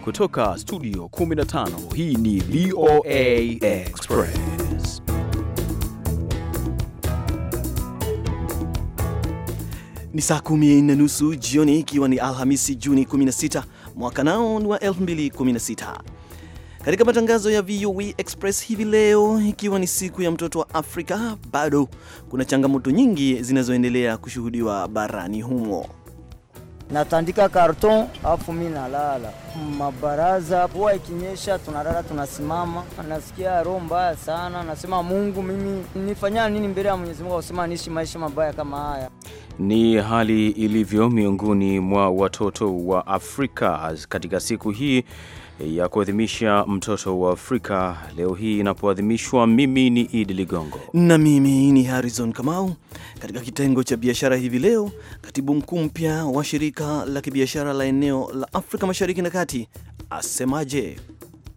Kutoka studio 15 hii ni VOA Express. Ni saa kumi na nusu jioni ikiwa ni Alhamisi Juni 16 mwaka nao ni wa 2016. Katika matangazo ya VOA Express hivi leo, ikiwa ni siku ya mtoto wa Afrika, bado kuna changamoto nyingi zinazoendelea kushuhudiwa barani humo natandika karton afu mi nalala mabaraza. huwa ikinyesha tunalala tunasimama, nasikia roho mbaya sana, nasema Mungu, mimi nifanya nini mbele ya Mwenyezi Mungu akusema niishi maisha mabaya kama haya? Ni hali ilivyo miongoni mwa watoto wa Afrika katika siku hii ya kuadhimisha mtoto wa Afrika leo hii inapoadhimishwa. Mimi ni Idi Ligongo na mimi ni Harrison Kamau. Katika kitengo cha biashara hivi leo, katibu mkuu mpya wa shirika la kibiashara la eneo la Afrika Mashariki na Kati asemaje?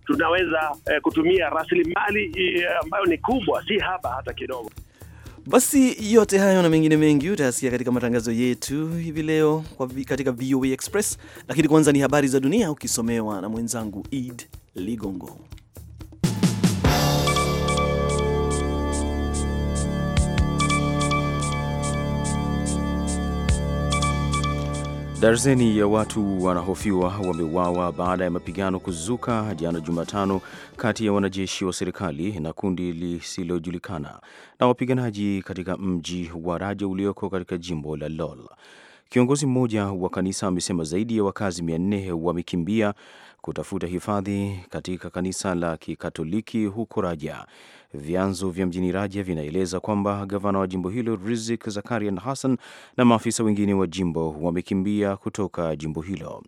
Tunaweza eh, kutumia rasilimali eh, ambayo ni kubwa, si haba hata kidogo. Basi yote hayo na mengine mengi utayasikia katika matangazo yetu hivi leo katika VOA Express, lakini kwanza ni habari za dunia ukisomewa na mwenzangu Id Ligongo. Darzeni ya watu wanahofiwa wameuawa baada ya mapigano kuzuka jana Jumatano kati ya wanajeshi wa serikali na kundi lisilojulikana na wapiganaji katika mji wa Raja ulioko katika jimbo la Lol. Kiongozi mmoja wa kanisa amesema zaidi ya wakazi nne wamekimbia kutafuta hifadhi katika kanisa la Kikatoliki huko Raja. Vyanzo vya mjini Raja vinaeleza kwamba gavana wa jimbo hilo Rizik Zakarian Hassan na maafisa wengine wa jimbo wamekimbia kutoka jimbo hilo.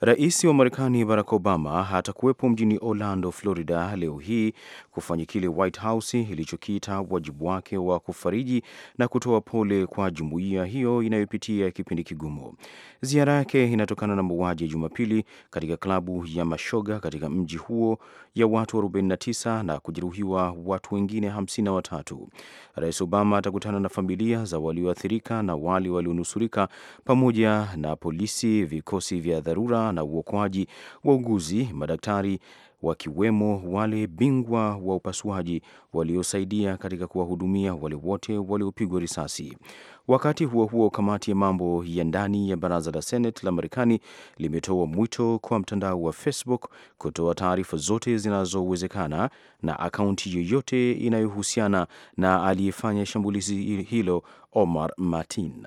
Rais wa Marekani Barack Obama atakuwepo mjini Orlando, Florida leo hii kufanya kile White House ilichokiita wajibu wake wa kufariji na kutoa pole kwa jumuiya hiyo inayopitia kipindi kigumu. Ziara yake inatokana na mauaji ya Jumapili katika klabu ya mashoga katika mji huo ya watu 49 na kujeruhiwa watu watu wengine 53. Rais Obama atakutana na familia za walioathirika na wale walionusurika pamoja na polisi, vikosi vya dharura na uokoaji, wauguzi, madaktari wakiwemo wale bingwa wa upasuaji waliosaidia katika kuwahudumia wale wote waliopigwa risasi. Wakati huo huo, kamati ya mambo ya ndani ya baraza la Senate la Marekani limetoa mwito kwa mtandao wa Facebook kutoa taarifa zote zinazowezekana na akaunti yoyote inayohusiana na aliyefanya shambulizi hilo Omar Martin.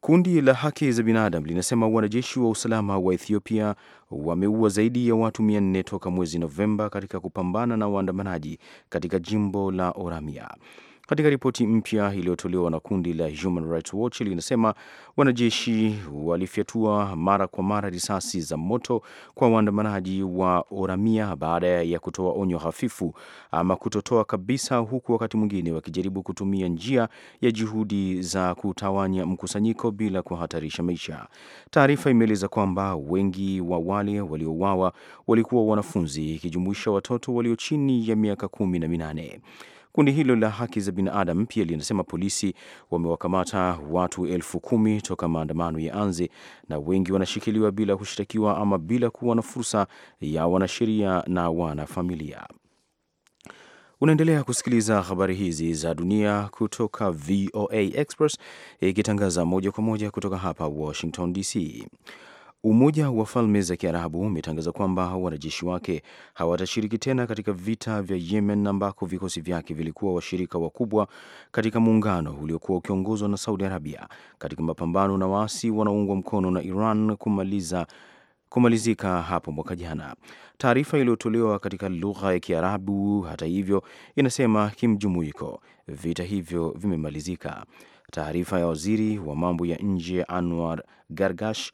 Kundi la haki za binadamu linasema wanajeshi wa usalama wa Ethiopia wameua zaidi ya watu 400 toka mwezi Novemba katika kupambana na waandamanaji katika jimbo la Oromia. Katika ripoti mpya iliyotolewa na kundi la Human Rights Watch linasema wanajeshi walifyatua mara kwa mara risasi za moto kwa waandamanaji wa Oramia baada ya kutoa onyo hafifu ama kutotoa kabisa, huku wakati mwingine wakijaribu kutumia njia ya juhudi za kutawanya mkusanyiko bila kuhatarisha maisha. Taarifa imeeleza kwamba wengi wa wale waliouawa walikuwa wanafunzi ikijumuisha watoto walio chini ya miaka kumi na minane. Kundi hilo la haki za binadamu pia linasema polisi wamewakamata watu elfu kumi toka maandamano ya anze, na wengi wanashikiliwa bila kushtakiwa ama bila kuwa na fursa ya wanasheria na wanafamilia. Unaendelea kusikiliza habari hizi za dunia kutoka VOA Express ikitangaza moja kwa moja kutoka hapa Washington DC. Umoja wa Falme za Kiarabu umetangaza kwamba wanajeshi wake hawatashiriki tena katika vita vya Yemen ambako vikosi vyake vilikuwa washirika wakubwa katika muungano uliokuwa ukiongozwa na Saudi Arabia katika mapambano na waasi wanaoungwa mkono na Iran kumaliza kumalizika hapo mwaka jana. Taarifa iliyotolewa katika lugha ya Kiarabu, hata hivyo, inasema kimjumuiko vita hivyo vimemalizika. Taarifa ya waziri wa mambo ya nje Anwar Gargash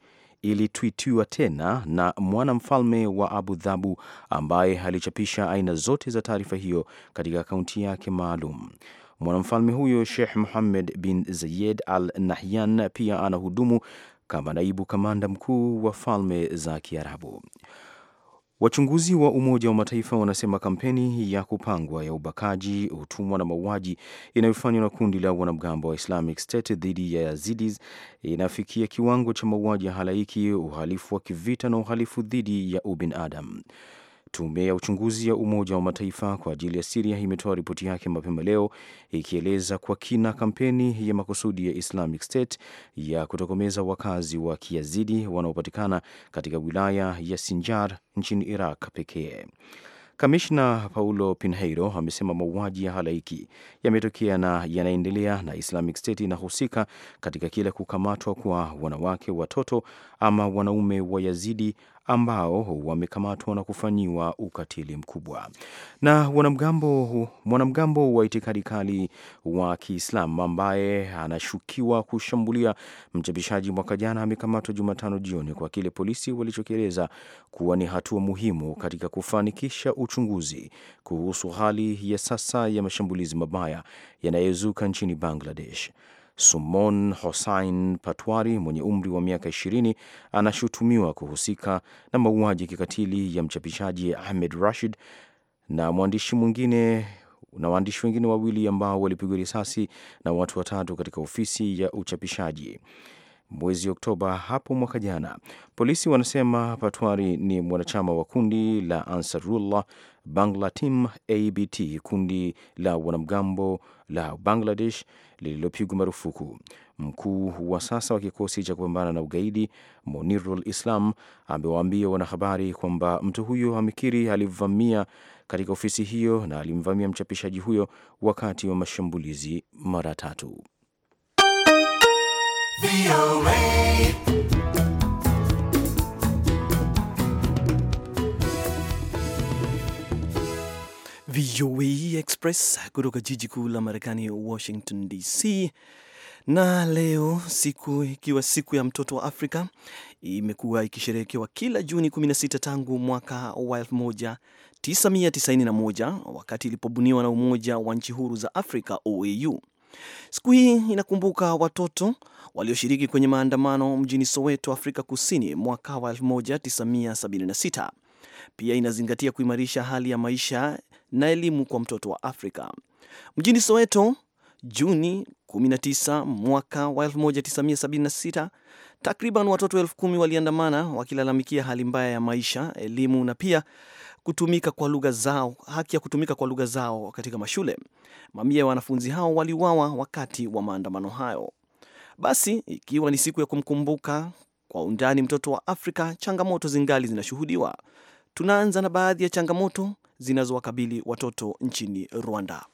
ilitwitiwa tena na mwanamfalme wa Abu dhabu ambaye alichapisha aina zote za taarifa hiyo katika akaunti yake maalum. Mwanamfalme huyo Sheikh muhamed bin Zayed Al Nahyan pia anahudumu kama naibu kamanda mkuu wa falme za Kiarabu. Wachunguzi wa Umoja wa Mataifa wanasema kampeni ya kupangwa ya ubakaji, utumwa na mauaji inayofanywa na kundi la wanamgambo wa Islamic State dhidi ya Yazidis inafikia kiwango cha mauaji ya halaiki, uhalifu wa kivita na uhalifu dhidi ya ubinadamu. Tume ya uchunguzi ya Umoja wa Mataifa kwa ajili ya Siria imetoa ripoti yake mapema leo ikieleza kwa kina kampeni ya makusudi ya Islamic State ya kutokomeza wakazi wa Kiazidi wanaopatikana katika wilaya ya Sinjar nchini Iraq pekee. Kamishna Paulo Pinheiro amesema mauaji ya halaiki yametokea na yanaendelea na Islamic State inahusika katika kila kukamatwa kwa wanawake, watoto ama wanaume wa Yazidi ambao wamekamatwa na kufanyiwa ukatili mkubwa. Na wanamgambo, mwanamgambo wa itikadi kali wa Kiislamu ambaye anashukiwa kushambulia mchapishaji mwaka jana amekamatwa Jumatano jioni kwa kile polisi walichokieleza kuwa ni hatua muhimu katika kufanikisha uchunguzi kuhusu hali ya sasa ya mashambulizi mabaya yanayozuka nchini Bangladesh. Sumon Hossein Patwari mwenye umri wa miaka 20 anashutumiwa kuhusika na mauaji kikatili ya mchapishaji Ahmed Rashid na mwandishi mwingine na waandishi wengine wawili ambao walipigwa risasi na watu watatu katika ofisi ya uchapishaji mwezi Oktoba hapo mwaka jana. Polisi wanasema Patwari ni mwanachama wa kundi la Ansarullah Bangla Team ABT, kundi la wanamgambo la Bangladesh lililopigwa marufuku. Mkuu wa sasa wa kikosi cha kupambana na ugaidi Monirul Islam amewaambia wanahabari kwamba mtu huyo amekiri alivamia katika ofisi hiyo na alimvamia mchapishaji huyo wakati wa mashambulizi mara tatu. VOA Express kutoka jiji kuu la Marekani, Washington DC. Na leo siku ikiwa siku ya mtoto wa Afrika imekuwa ikisherehekewa kila Juni 16 tangu mwaka wa 1991 wakati ilipobuniwa na Umoja wa Nchi Huru za Afrika, OAU. Siku hii inakumbuka watoto walioshiriki kwenye maandamano mjini Soweto, Afrika Kusini mwaka wa 1976. Pia inazingatia kuimarisha hali ya maisha na elimu kwa mtoto wa Afrika. Mjini Soweto, Juni 19 mwaka wa 1976, takriban watoto elfu kumi waliandamana wakilalamikia hali mbaya ya maisha, elimu na pia kutumika kwa lugha zao, haki ya kutumika kwa lugha zao katika mashule. Mamia ya wanafunzi hao waliuawa wakati wa maandamano hayo. Basi ikiwa ni siku ya kumkumbuka kwa undani mtoto wa Afrika, changamoto zingali zinashuhudiwa. Tunaanza na baadhi ya changamoto zinazowakabili watoto nchini Rwanda.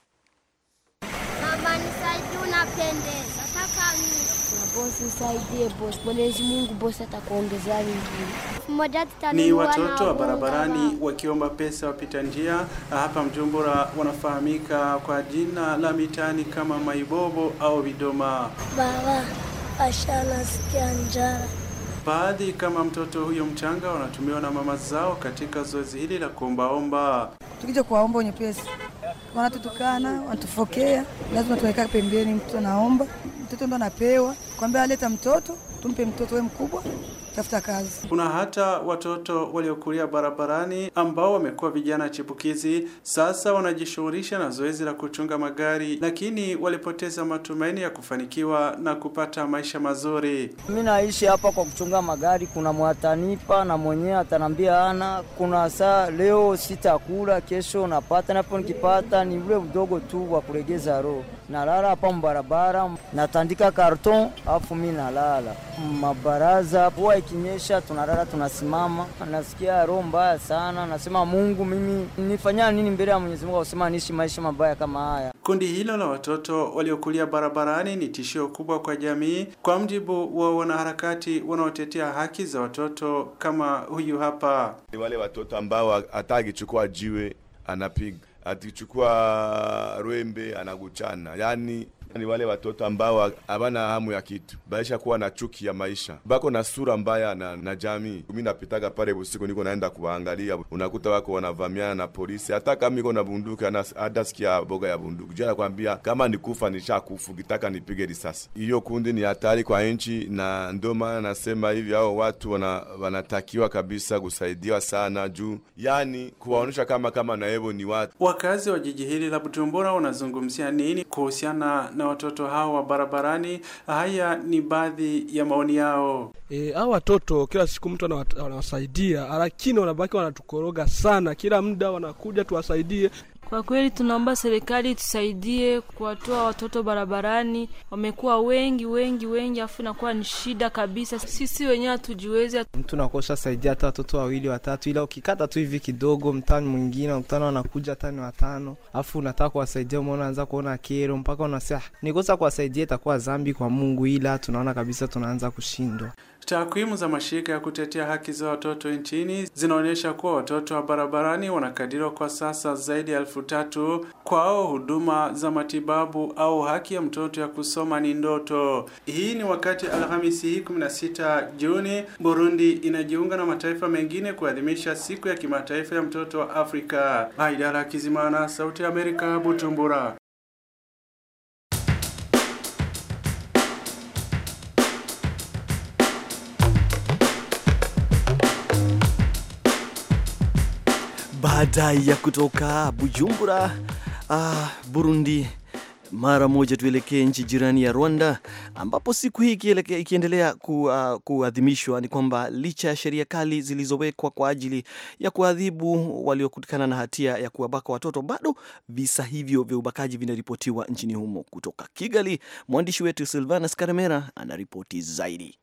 Tusaidie boss. Mwenyezi Mungu boss atakuongezea vingine. Ni watoto wa barabarani wakiomba pesa wapita njia hapa Mjumbura wanafahamika kwa jina la mitaani kama maibobo au vidoma. Baba, asha nasikia njaa. Baadhi kama mtoto huyo mchanga wanatumiwa na mama zao katika zoezi hili la kuombaomba. Tukija kuwaomba wenye pesa wanatutukana, wanatufokea, lazima tunakaa pembeni. Mtoto anaomba, mtoto ndo anapewa, kwambia aleta mtoto, tumpe mtoto, we mkubwa kutafuta kazi. Kuna hata watoto waliokulia barabarani ambao wamekuwa vijana chipukizi, sasa wanajishughulisha na zoezi la kuchunga magari, lakini walipoteza matumaini ya kufanikiwa na kupata maisha mazuri. Mimi naishi hapa kwa kuchunga magari, kuna mwatanipa na mwenyewe atanambia ana, kuna saa leo sitakula, kesho napata, napo nikipata ni ule udogo tu wa kuregeza roho nalala hapa mbarabara natandika karton afu mi nalala mabaraza. Huwa ikinyesha tunalala tunasimama, nasikia roho mbaya sana, nasema Mungu, mimi nifanya nini mbele ya Mwenyezi Mungu akusema niishi maisha mabaya kama haya. Kundi hilo la watoto waliokulia barabarani ni tishio kubwa kwa jamii, kwa mjibu wa wanaharakati wanaotetea haki za watoto kama huyu hapa. Ni wale watoto ambao hata akichukua jiwe anapiga atichukua Rwembe anaguchana yani ni wale watoto ambao habana hamu ya kitu, baisha kuwa na chuki ya maisha, bako na sura mbaya na, na jamii. Mimi napitaga pale usiku, niko naenda kuwaangalia, unakuta wako wanavamiana na polisi. Hata kama niko na bunduki, hata sikia boga ya bunduki jana, nakwambia kama nikufa nisha kufu kitaka nipige risasi. Hiyo kundi ni hatari kwa nchi, na ndio maana nasema hivi, hao watu wana, wanatakiwa kabisa kusaidiwa sana juu, yani kuwaonyesha kama kama na naevo ni watu. Wakazi wa jiji hili la butumbura wanazungumzia nini kuhusiana na na watoto hao wa barabarani. Haya ni baadhi ya maoni yao. E, hao watoto kila siku mtu anawasaidia, lakini wanabaki wanatukoroga sana, kila muda wanakuja tuwasaidie kwa kweli tunaomba serikali tusaidie kuwatoa watoto barabarani, wamekuwa wengi wengi wengi, afu inakuwa ni shida kabisa. Sisi wenyewe hatujiwezi, mtu nakosha saidia hata watoto wawili watatu, ila ukikata tu hivi kidogo, mtani mwingine ukutana wanakuja hata ni watano, afu unataka kuwasaidia, umeona anza kuona kero, mpaka unasema ah, nikosa kuwasaidia itakuwa zambi kwa Mungu, ila tunaona kabisa tunaanza kushindwa. Takwimu za mashirika ya kutetea haki za watoto nchini zinaonyesha kuwa watoto wa barabarani wanakadiriwa kwa sasa zaidi ya elfu tatu. Kwao huduma za matibabu au haki ya mtoto ya kusoma ni ndoto. Hii ni wakati Alhamisi hii 16 Juni Burundi inajiunga na mataifa mengine kuadhimisha siku ya kimataifa ya mtoto wa Afrika. Haidara Kizimana, Sauti ya Amerika, Bujumbura. Baada ya kutoka Bujumbura, ah, Burundi, mara moja tuelekee nchi jirani ya Rwanda, ambapo siku hii ikiendelea ah, kuadhimishwa, ni kwamba licha ya sheria kali zilizowekwa kwa ajili ya kuadhibu waliokutikana na hatia ya kuwabaka watoto, bado visa hivyo vya ubakaji vinaripotiwa nchini humo. Kutoka Kigali, mwandishi wetu Silvanus Karemera anaripoti zaidi.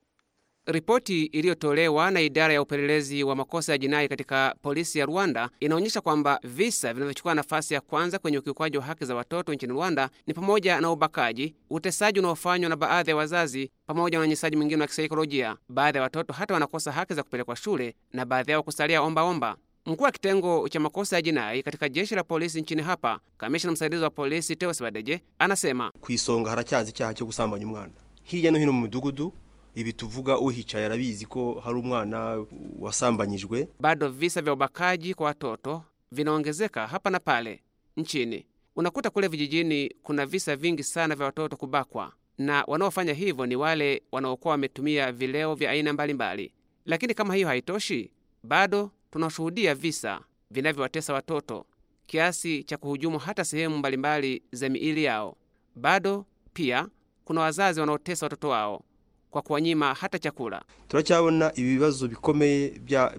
Ripoti iliyotolewa na idara ya upelelezi wa makosa ya jinai katika polisi ya Rwanda inaonyesha kwamba visa vinavyochukua nafasi ya kwanza kwenye ukiukwaji wa haki za watoto nchini Rwanda ni pamoja na ubakaji, utesaji unaofanywa na baadhi ya wazazi, pamoja na unyanyasaji mwingine wa kisaikolojia. Baadhi ya watoto hata wanakosa haki za kupelekwa shule na baadhi yao kusalia ombaomba. Mkuu wa kitengo cha makosa ya jinai katika jeshi la polisi nchini hapa, kamishina msaidizi wa polisi Teos Badeje anasema kuisonga haracyazi icyaha cyo gusambanya umwana hirya no hino mu midugudu ibi tuvuga uhicaye arabizi ko hari umwana wasambanyijwe. Bado visa vya ubakaji kwa watoto vinaongezeka hapa na pale nchini. Unakuta kule vijijini kuna visa vingi sana vya watoto kubakwa, na wanaofanya hivyo ni wale wanaokuwa wametumia vileo vya aina mbalimbali. Lakini kama hiyo haitoshi, bado tunashuhudia visa vinavyowatesa watoto kiasi cha kuhujumu hata sehemu mbalimbali za miili yao. Bado pia kuna wazazi wanaotesa watoto wao kwa kuwanyima hata chakula. turacyabona ibibazo bikomeye byo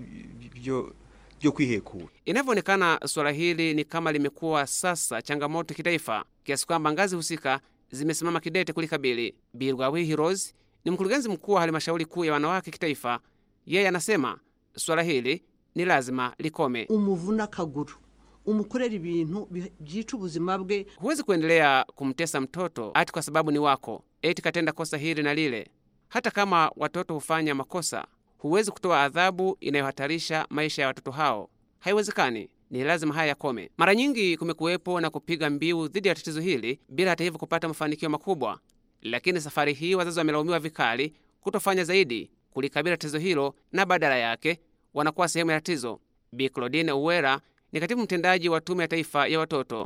byo kwihekura. Inavyoonekana, suala hili ni kama limekuwa sasa changamoto kitaifa kiasi kwamba ngazi husika zimesimama kidete kulikabili. Birwawi Hirozi ni mkurugenzi mkuu wa halmashauri kuu ya wanawake kitaifa. Yeye anasema swala hili ni lazima likome. umuvuna kaguru umukorera ibintu byica ubuzima bwe. Huwezi kuendelea kumtesa mtoto ati kwa sababu ni wako, eti katenda kosa hili na lile hata kama watoto hufanya makosa, huwezi kutoa adhabu inayohatarisha maisha ya watoto hao. Haiwezekani. Ni lazima haya yakome. Mara nyingi kumekuwepo na kupiga mbiu dhidi ya tatizo hili bila hata hivyo kupata mafanikio makubwa, lakini safari hii wazazi wamelaumiwa vikali kutofanya zaidi kulikabili tatizo hilo na badala yake wanakuwa sehemu ya tatizo. Bi Claudine Uwera ni katibu mtendaji wa Tume ya Taifa ya Watoto.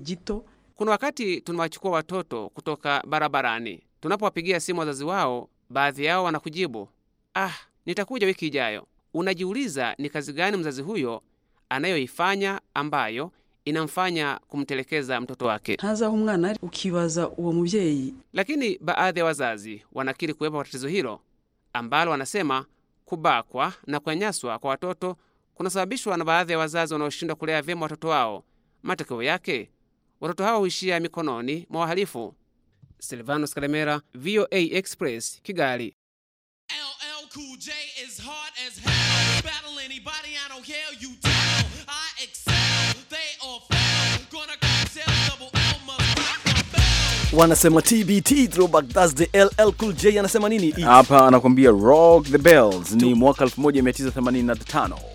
gito, kuna wakati tunawachukua watoto kutoka barabarani Tunapowapigia simu wazazi wao, baadhi yao wanakujibu ah, nitakuja wiki ijayo. Unajiuliza ni kazi gani mzazi huyo anayoifanya ambayo inamfanya kumtelekeza mtoto wake. umwana ukibaza uwo mubyeyi. Lakini baadhi ya wazazi wanakiri kuwepo kwa tatizo hilo ambalo wanasema kubakwa na kunyanyaswa kwa watoto kunasababishwa na baadhi ya wazazi wanaoshindwa kulea vyema watoto wao. Matokeo yake watoto hao huishia mikononi mwa wahalifu. Silvanus Kalemera, VOA Express, Kigali. LL Cool J is hard as hell. Battle anybody, I don't care, you tell. I excel, they all fail. Gonna sell double L, must wanasema TBT, throwback Thursday. LL Cool J anasema nini? Hapa anakuambia rock the bells, ni mwaka 1985.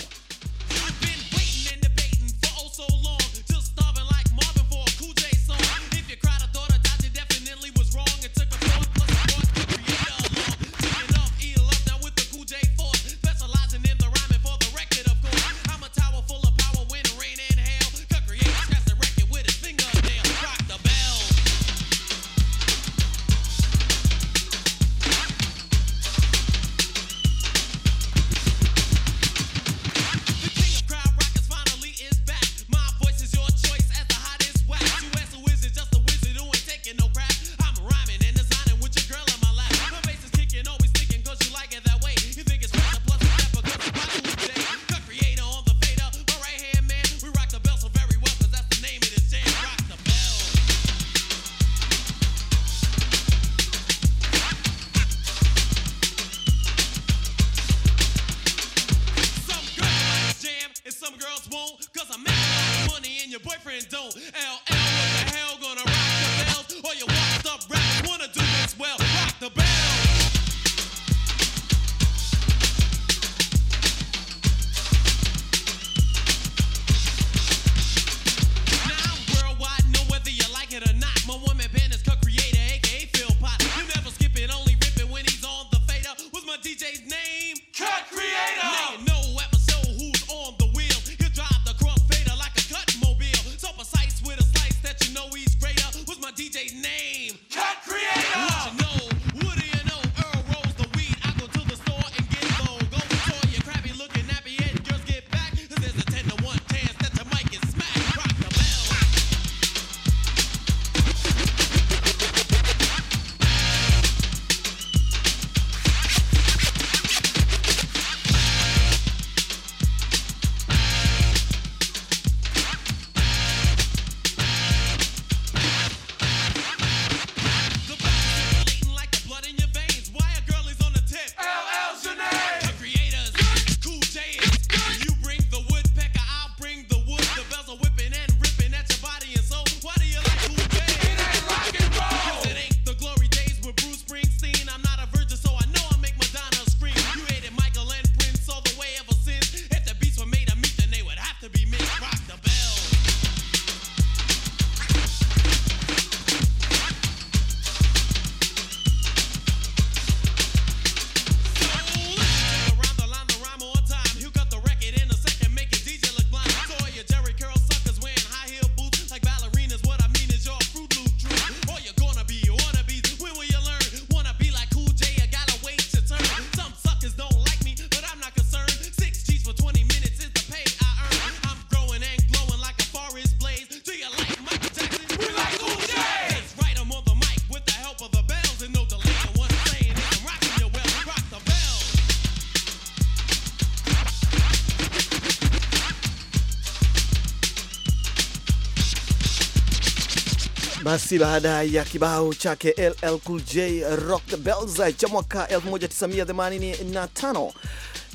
Basi baada ya kibao chake LL Cool J Rock the Bells cha mwaka 1985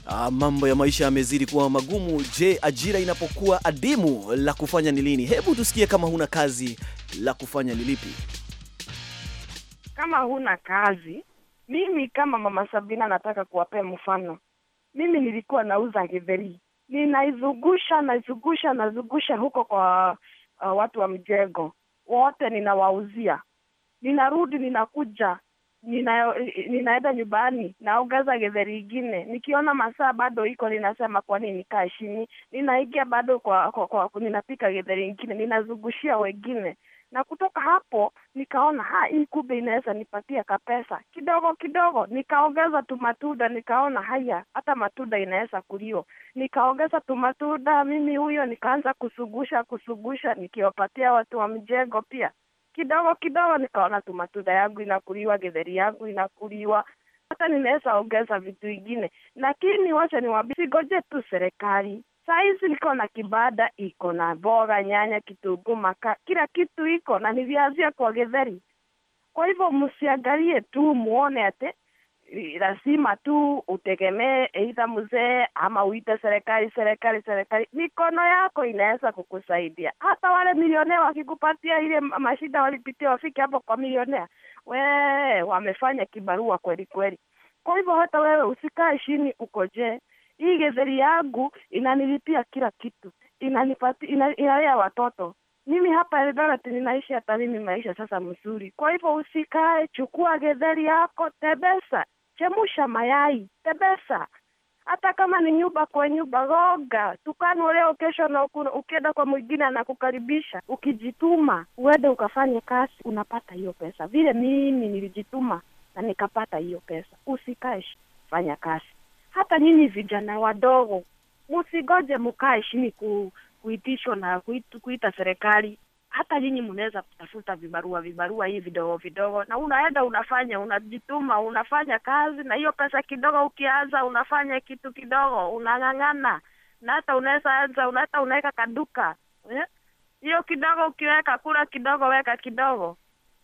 Ah, mambo ya maisha yamezidi kuwa magumu. Je, ajira inapokuwa adimu la kufanya ni lini? Hebu tusikie kama huna kazi la kufanya ni lipi? Kama huna kazi, mimi kama Mama Sabina nataka kuwapea mfano. Mimi nilikuwa nauza githeri, ninaizungusha nazungusha nazungusha huko kwa uh, watu wa mjengo wote ninawauzia. Ninarudi, ninakuja, nina, ninaenda nyumbani, naongeza gedheri ingine. Nikiona masaa bado iko, ninasema kwa nini nikae chini? ninaingia bado kwa, kwa, kwa, ninapika gedheri ingine, ninazungushia wengine na kutoka hapo nikaona ha, hii kube inaweza nipatia kapesa kidogo kidogo. Nikaongeza tu matunda, nikaona haya, hata matunda inaweza kulio. Nikaongeza tu matunda mimi huyo, nikaanza kusugusha kusugusha, nikiwapatia watu wa mjengo pia kidogo kidogo, nikaona tu matunda yangu inakuliwa, gedheri yangu inakuliwa hata ninaweza ongeza vitu vingine lakini wacha niwaambie, sigoje tu serikali saizi liko na kibanda, iko na boga nyanya, kitungu maka, kila kitu iko na ni viazi kwa githeri. Kwa hivyo msiangalie tu muone ate lazima tu utegemee aidha mzee ama uite serikali serikali serikali. Mikono yako inaweza kukusaidia. Hata wale milionea wakikupatia ile mashida walipitia, wafike hapo kwa milionea, we wamefanya kibarua kweli kweli. Kwa hivyo hata wewe usikae chini ukoje hii gedheri yangu inanilipia kila kitu, inanipati ina, inalea watoto mimi hapa Eldoret ninaishi hata mimi maisha sasa mzuri. Kwa hivyo usikae, chukua gedheri yako, tebesa, chemusha mayai, tebesa. Hata kama ni nyumba kwa nyumba, goga tukano leo, kesho na ukienda kwa mwingine anakukaribisha. Ukijituma uende ukafanye kazi, unapata hiyo pesa, vile mimi nilijituma na nikapata hiyo pesa. Usikae, fanya kazi hata nyinyi vijana wadogo msigoje mkae chini ku, kuitishwa na kuita, kuita serikali hata nyinyi mnaweza kutafuta vibarua vibarua hii vidogo vidogo, na unaenda unafanya, unajituma, unafanya kazi, na hiyo pesa kidogo, ukianza unafanya kitu kidogo, unang'ang'ana, na hata unaweza anza, hata unaweka kaduka eh? hiyo eh, kidogo ukiweka, kula kidogo, weka kidogo,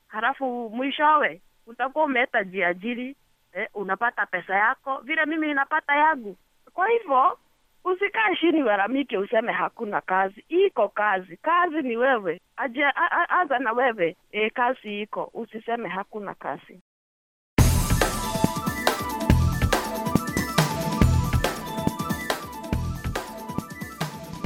halafu mwishowe utakuwa umeeta jiajiri eh, unapata pesa yako vile mimi ninapata yangu. Kwa hivyo usikae chini waramike, useme hakuna kazi. Iko kazi, kazi ni wewe, aje anza na wewe e, kazi iko, usiseme hakuna kazi.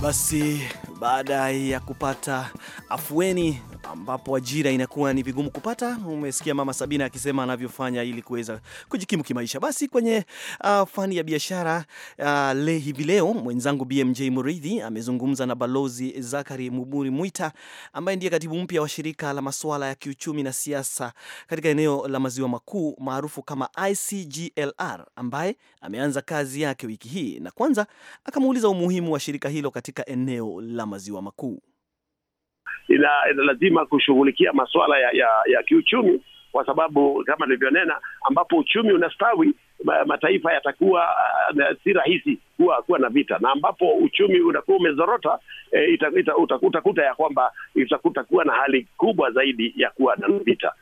Basi baada ya kupata afueni ambapo ajira inakuwa ni vigumu kupata. Umesikia Mama Sabina akisema anavyofanya ili kuweza kujikimu kimaisha. Basi kwenye uh, fani ya biashara uh, ah, le hivi leo mwenzangu BMJ Muridhi amezungumza na Balozi Zakari Muburi Mwita ambaye ndiye katibu mpya wa shirika la masuala ya kiuchumi na siasa katika eneo la maziwa makuu maarufu kama ICGLR ambaye ameanza kazi yake wiki hii, na kwanza akamuuliza umuhimu wa shirika hilo katika eneo la maziwa makuu ina, ina lazima kushughulikia masuala ya, ya, ya kiuchumi kwa sababu kama nilivyonena, ambapo uchumi unastawi mataifa yatakuwa uh, si rahisi kuwa kuwa na vita, na ambapo uchumi unakuwa umezorota e, utakuta ya kwamba itakuwa na hali kubwa zaidi ya kuwa na vita.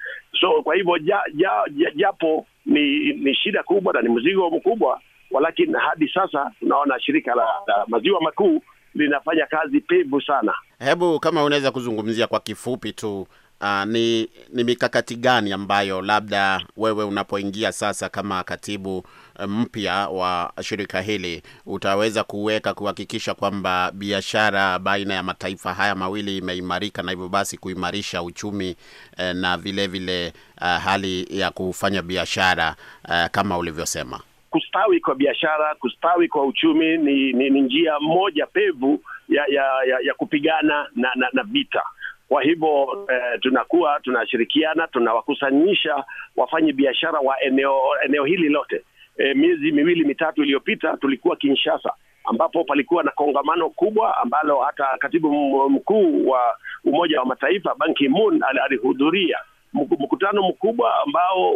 So kwa hivyo ja, ja, ja, japo ni, ni shida kubwa na ni mzigo mkubwa, walakini hadi sasa tunaona shirika la, la maziwa makuu linafanya kazi pevu sana hebu kama unaweza kuzungumzia kwa kifupi tu uh, ni, ni mikakati gani ambayo labda wewe unapoingia sasa kama katibu eh, mpya wa shirika hili utaweza kuweka kuhakikisha kwamba biashara baina ya mataifa haya mawili imeimarika na hivyo basi kuimarisha uchumi eh, na vile vile uh, hali ya kufanya biashara uh, kama ulivyosema kustawi kwa biashara, kustawi kwa uchumi ni, ni, ni njia moja pevu ya ya, ya, ya kupigana na, na, na vita. Kwa hivyo eh, tunakuwa tunashirikiana, tunawakusanyisha wafanyi biashara wa eneo eneo hili lote. Eh, miezi miwili mitatu iliyopita tulikuwa Kinshasa ambapo palikuwa na kongamano kubwa ambalo hata katibu mkuu wa Umoja wa Mataifa banki moon alihudhuria, mkutano mkubwa ambao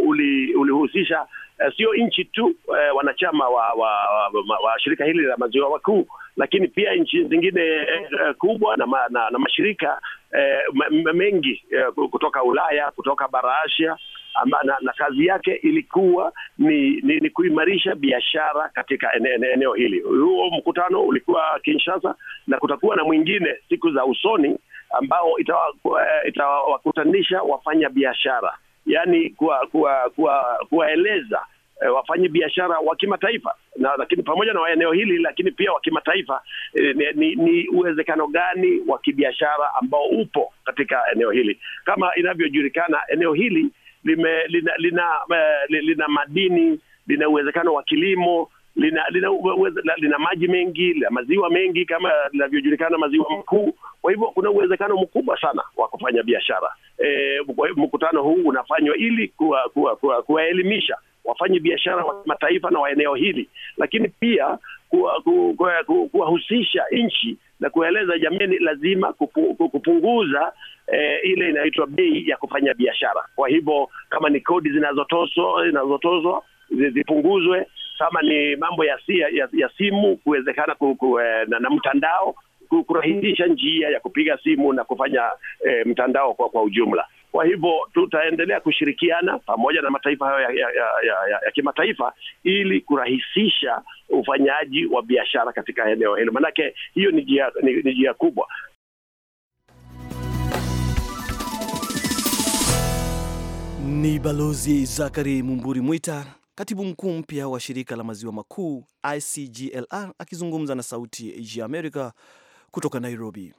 ulihusisha Eh, sio nchi tu eh, wanachama wa, wa, wa, wa shirika hili la maziwa makuu, lakini pia nchi zingine eh, kubwa na, ma, na, na mashirika eh, mengi eh, kutoka Ulaya, kutoka bara Asia na, na kazi yake ilikuwa ni, ni, ni kuimarisha biashara katika ene, ene, eneo hili. Huo mkutano ulikuwa Kinshasa na kutakuwa na mwingine siku za usoni ambao eh, itawakutanisha itawa wafanya biashara yani kuwaeleza kuwa, kuwa, kuwa E, eh, wafanyi biashara wa kimataifa na lakini pamoja na eneo hili lakini pia wa kimataifa e, ni, ni uwezekano gani wa kibiashara ambao upo katika eneo hili. Kama inavyojulikana eneo hili lime, lina, lina, lina, eh, lina madini, lina uwezekano wa kilimo, lina lina, lina, lina maji mengi, lina maziwa mengi kama linavyojulikana maziwa makuu. Kwa hivyo kuna uwezekano mkubwa sana wa kufanya biashara. E, mkutano huu unafanywa ili kuwaelimisha kuwa, kuwa, kuwa wafanye biashara wa kimataifa na wa eneo hili, lakini pia kuwahusisha ku, ku, ku, nchi na kueleza jamii, lazima kupu, kupunguza eh, ile inaitwa bei ya kufanya biashara. Kwa hivyo kama ni kodi zinazotozwa zinazotozwa zipunguzwe, kama ni mambo ya, si, ya, ya simu kuwezekana ku, ku, eh, na, na mtandao kurahisisha njia ya kupiga simu na kufanya eh, mtandao kwa, kwa ujumla. Kwa hivyo tutaendelea kushirikiana pamoja na mataifa hayo ya, ya, ya, ya, ya kimataifa ili kurahisisha ufanyaji wa biashara katika eneo hilo, maanake hiyo ni ni njia kubwa. Ni Balozi Zakari Mumburi Mwita Katibu mkuu mpya wa shirika la maziwa makuu ICGLR akizungumza na Sauti ya Amerika kutoka Nairobi.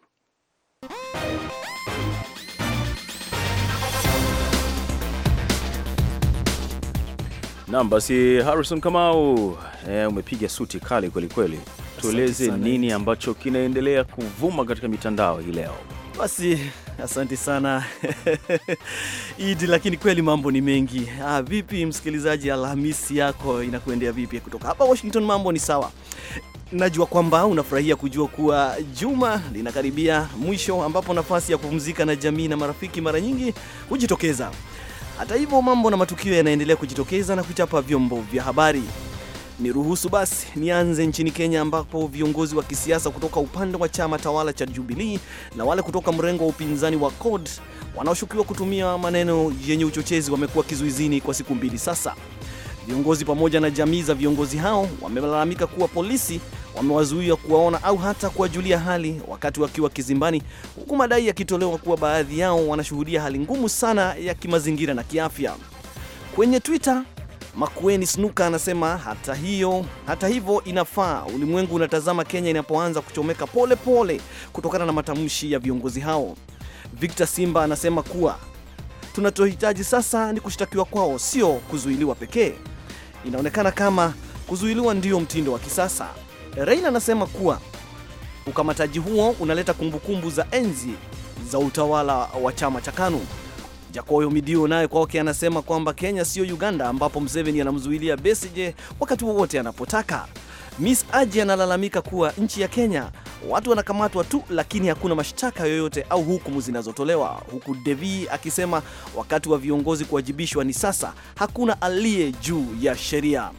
Nam basi, Harrison Kamau, eh, umepiga suti kali kwelikweli. Tueleze nini ambacho kinaendelea kuvuma katika mitandao hii leo basi Asante sana Idi, lakini kweli mambo ni mengi. Ah, vipi msikilizaji, Alhamisi yako inakuendea vipi? Kutoka hapa Washington mambo ni sawa. Najua kwamba unafurahia kujua kuwa juma linakaribia mwisho, ambapo nafasi ya kupumzika na jamii na marafiki mara nyingi hujitokeza. Hata hivyo, mambo na matukio yanaendelea kujitokeza na kuchapa vyombo vya habari. Niruhusu basi nianze nchini Kenya ambapo viongozi wa kisiasa kutoka upande wa chama tawala cha Jubilee na wale kutoka mrengo wa upinzani wa CORD wanaoshukiwa kutumia maneno yenye uchochezi wamekuwa kizuizini kwa siku mbili sasa. Viongozi pamoja na jamii za viongozi hao wamelalamika kuwa polisi wamewazuia kuwaona au hata kuwajulia hali wakati wakiwa kizimbani, huku madai yakitolewa kuwa baadhi yao wanashuhudia hali ngumu sana ya kimazingira na kiafya. Kwenye Twitter Makueni Snuka anasema hata hiyo hata hivyo inafaa. Ulimwengu unatazama Kenya inapoanza kuchomeka pole pole kutokana na matamshi ya viongozi hao. Victor Simba anasema kuwa tunachohitaji sasa ni kushtakiwa kwao, sio kuzuiliwa pekee. Inaonekana kama kuzuiliwa ndiyo mtindo wa kisasa. Reina anasema kuwa ukamataji huo unaleta kumbukumbu za enzi za utawala wa chama cha KANU. Jakoyo Midio naye kwake anasema kwamba Kenya sio Uganda ambapo Mseveni anamzuilia Besije wakati wowote anapotaka. Miss Aji analalamika kuwa nchi ya Kenya watu wanakamatwa tu, lakini hakuna mashtaka yoyote au hukumu zinazotolewa, huku Devi akisema wakati wa viongozi kuwajibishwa ni sasa, hakuna aliye juu ya sheria.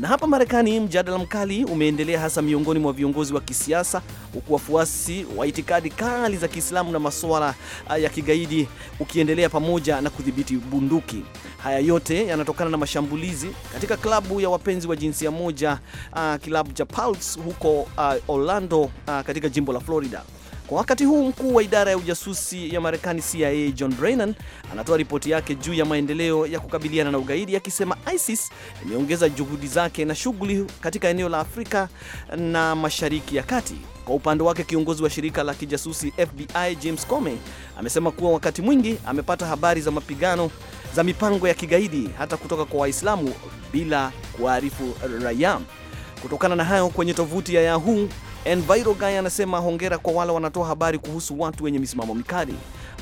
Na hapa Marekani mjadala mkali umeendelea hasa miongoni mwa viongozi wa kisiasa, huku wafuasi wa itikadi kali za Kiislamu na masuala ah, ya kigaidi ukiendelea pamoja na kudhibiti bunduki. Haya yote yanatokana na mashambulizi katika klabu ya wapenzi wa jinsia moja, uh, ah, kilabu cha Pulse huko uh, Orlando, uh, katika jimbo la Florida. Kwa wakati huu mkuu wa idara ya ujasusi ya Marekani CIA John Brennan anatoa ripoti yake juu ya maendeleo ya kukabiliana na ugaidi akisema ISIS imeongeza juhudi zake na shughuli katika eneo la Afrika na Mashariki ya Kati. Kwa upande wake kiongozi wa shirika la kijasusi FBI James Comey amesema kuwa wakati mwingi amepata habari za mapigano za mipango ya kigaidi hata kutoka kwa Waislamu bila kuarifu raia. Kutokana na hayo, kwenye tovuti ya Yahoo Enviro Guy anasema hongera kwa wale wanatoa habari kuhusu watu wenye misimamo mikali.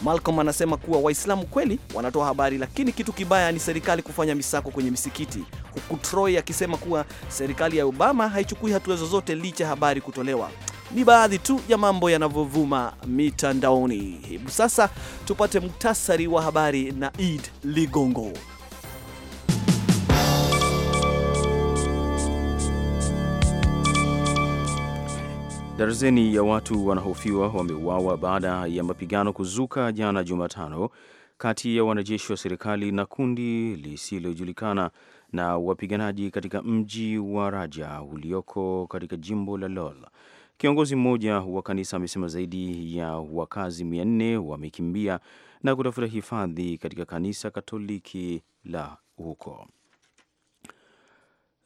Malcolm anasema kuwa Waislamu kweli wanatoa habari, lakini kitu kibaya ni serikali kufanya misako kwenye misikiti, huku Troy akisema kuwa serikali ya Obama haichukui hatua zozote licha ya habari kutolewa. Ni baadhi tu ya mambo yanavyovuma mitandaoni. Hebu sasa tupate muktasari wa habari na Eid Ligongo. Darzeni ya watu wanahofiwa wameuawa baada ya mapigano kuzuka jana Jumatano kati ya wanajeshi wa serikali na kundi lisilojulikana na wapiganaji katika mji wa Raja ulioko katika jimbo la Lol. Kiongozi mmoja wa kanisa amesema zaidi ya wakazi nne wamekimbia na kutafuta hifadhi katika kanisa Katoliki la huko.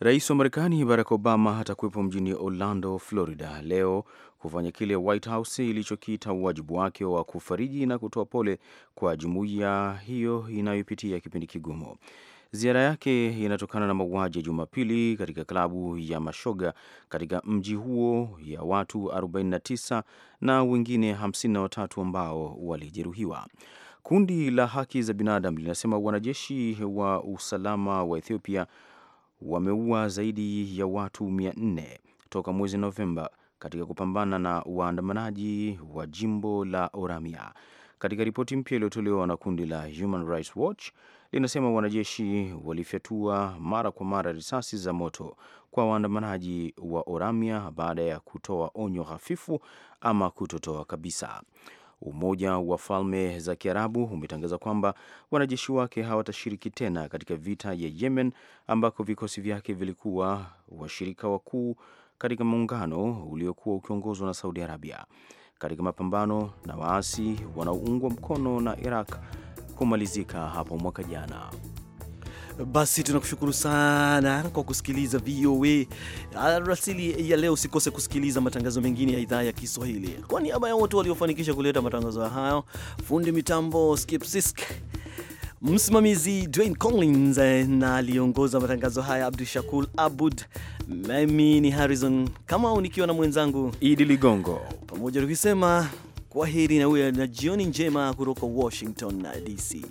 Rais wa Marekani Barack Obama atakuwepo mjini Orlando, Florida leo kufanya kile White House ilichokiita wajibu wake wa kufariji na kutoa pole kwa jumuiya hiyo inayopitia kipindi kigumu. Ziara yake inatokana na mauaji ya Jumapili katika klabu ya mashoga katika mji huo ya watu 49 na wengine 53 ambao walijeruhiwa. Kundi la haki za binadamu linasema wanajeshi wa usalama wa Ethiopia wameua zaidi ya watu 400 toka mwezi Novemba katika kupambana na waandamanaji wa jimbo la Oromia. Katika ripoti mpya iliyotolewa na kundi la Human Rights Watch linasema wanajeshi walifyatua mara kwa mara risasi za moto kwa waandamanaji wa Oromia baada ya kutoa onyo hafifu ama kutotoa kabisa. Umoja wa Falme za Kiarabu umetangaza kwamba wanajeshi wake hawatashiriki tena katika vita ya Yemen, ambako vikosi vyake vilikuwa washirika wakuu katika muungano uliokuwa ukiongozwa na Saudi Arabia katika mapambano na waasi wanaoungwa mkono na Iraq kumalizika hapo mwaka jana. Basi tunakushukuru sana kwa kusikiliza VOA arasili ya leo. Usikose kusikiliza matangazo mengine ya idhaa ya Kiswahili. Kwa niaba ya wote waliofanikisha kuleta matangazo hayo, fundi mitambo Skip Sisk, msimamizi Dwayne Collins na aliongoza matangazo haya Abdu Shakul Abud, mimi ni Harrison Kamau nikiwa na mwenzangu Idi Ligongo, pamoja tukisema heri na uwe na jioni njema kutoka Washington DC.